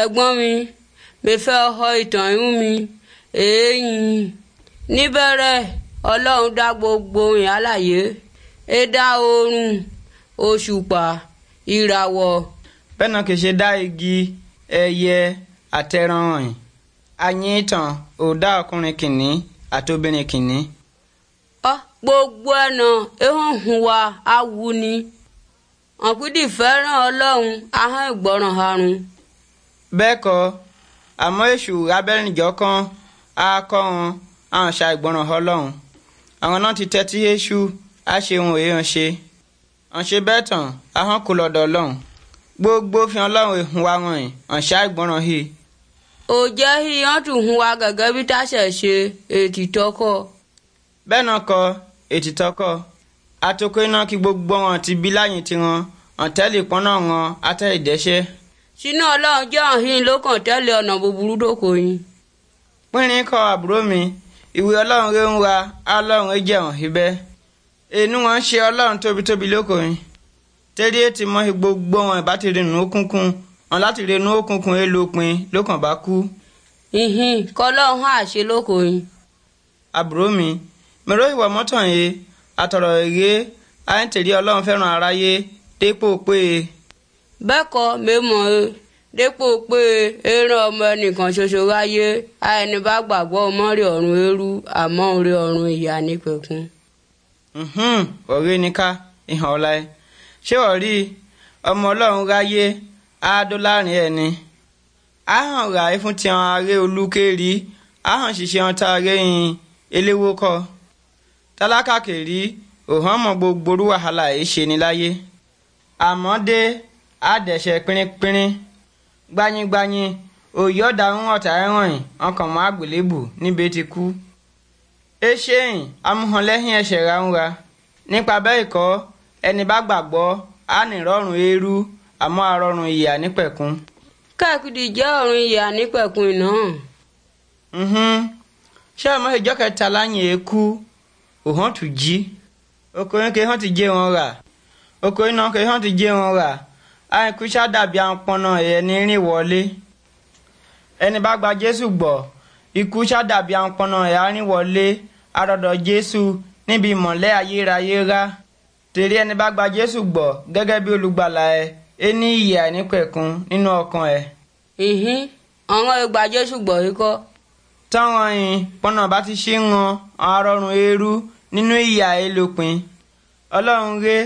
ẹ̀gbọ́n mi mẹ́fẹ́ ọ̀họ́ ìtàn ìhùn mi èèyàn níbẹ̀rẹ̀ ọlọ́run dá gbogbo ohun àlàyé ẹ dá oorun òṣùpá ìràwọ̀. bẹ́ẹ̀ náà kì í ṣe dá igi ẹyẹ àtẹran ọ̀hìn ìtàn ò dá ọkùnrin kìnní àti obìnrin kìnní. ọ gbogbo ẹ̀nà ehunhun wa awu ni ọ̀pídì fẹ́ràn ọlọ́run ahọ́n ìgbọràn harun bẹ́ẹ̀ kọ́ àmọ́ èṣù abẹ́rìnjọ́ kan á kọ́ wọn àwọn ṣàìgbọràn ọlọ́run àwọn náà ti tẹ́tí èṣù á ṣe ohun èèyàn ṣe ànṣe bẹ́ẹ̀ tán ahọ́n kò lọ́dọ̀ ọlọ́run gbogbo fi ọlọ́run ìhun wa wọn yìí ànṣe àìgbọràn yìí. ò jẹ́ hí wọ́n tún hun wa gẹ́gẹ́ bí táṣà ṣe ètìtọ́kọ̀. bẹ́ẹ̀ náà kọ ètìtọ́kọ̀ àtòkọ́ iná kí gbogbo wọn ti bí láyìn tiwọn ọ̀tẹ́lì pọ́nà wọn àtẹ̀yẹ̀dẹ́sẹ́ sínú ọlọ́run jẹ́ ọ̀hìn ló kàn tẹ́lẹ̀ ọ̀nà búburú dòkò yín. pínrín kọ àbúrò mi ìwé ọlọ́run rẹ̀ ń wa ọlọ́run rẹ̀ jẹ́ ọ̀hìn bẹ́ẹ̀ ẹnu wọn ṣe ọlọ́run tóbitóbi lóko yín tẹ́lẹ̀ ètí mọ́ gbogbo wọn ìbá ti rìnnú òkùnkùn wọn láti rìnnú òkùnkùn èlò pin lókàn bá kú. ìhìn kọlọ́run àṣe lóko yín. àbúrò mi mẹ́rọ ìwà mọ́tàn yìí àtọ̀rọ̀ yìí bẹ́ẹ̀kọ́ mẹ́mọ̀ e dépò pé eérán ọmọ ẹnìkan ṣoṣo ráyé àìní bá gbàgbọ́ mọ́rẹ̀ ọ̀run eérú àmọ́ orí ọ̀run ìyá nípẹ̀kun. ọ̀rẹ́ ni ká ìhàn ọ̀la ẹ̀ ṣé ọ̀rí ọmọ ọlọ́run ráyé áádó ẹ̀ ni ahàn rà é fún tiwọn aré olúkèrè ahàn ṣiṣẹ́ wọn tá a rẹ́ yin eléwó kọ́ tálákà kèrí òhàn mọ̀ gbogbo orú wàhálà yìí ṣe ni láyé àmọ́ dé adẹ̀ṣẹ̀ pínrínpínrín gbányingbanyin òòyì ọ̀dà ń ọ̀tà ẹ̀wọ̀n ọkàn mọ́ àgbélébù níbi ti kú. eṣeyin amúhanlẹ́hìn ẹ̀ṣẹ̀ ráúnra nípa bẹ́ẹ̀ kọ́ ẹni bá gbàgbọ́ á nìrọ̀rùn eérú àmọ́ arọrùn ìyà nípẹ̀kún. káàkiri jẹ́ ọ̀run ìyà nípẹ̀kún iná. ṣé ọmọ ìjọ kẹta láyìn eku òhàn tún jí okòrin kehàn ti jẹ́ wọn rà okòrin náà kehàn ti jẹ́ wọn rà àìkú ṣàdàbí àpọnà ẹni rìn wọlé ẹni bá gba jésù gbọ́ ikú ṣàdàbí àpọnà ẹ̀árìn wọlé arọ̀dọ̀ jésù níbi ìmọ́lẹ̀ ayérayé rá tèrè ẹni bá gba jésù gbọ́ gẹ́gẹ́ bí olùgbàlà ẹ̀ ẹ ní ìyè àìnípẹ̀kun nínú ọkàn ẹ̀. ìhín àwọn ìgbà jésù gbọ́ ikọ́. táwọn yìí pọnà bá ti ṣe ń han àárọ̀rùn eérú nínú ìyà elópin ọlọ́run ré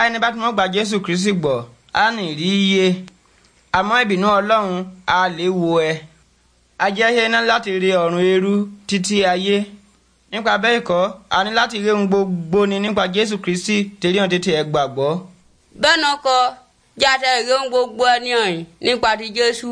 àìní bá ti mọ́ gba jésù kristi gbọ́ a nì rí iye àmọ́ ìbínú ọlọ́run a lè wo ẹ a jẹ́ hẹ́ná láti re ọ̀run eérú títí ayé nípa bẹ́ẹ̀ kọ́ a ní láti rí ohun gbogbo ni nípa Jésù Kristi tèrí hàn tètè ẹ gbàgbọ́. bẹ́ẹ̀ náà kọ jáde rí ohun gbogbo ẹni hàn nípa ti Jésù.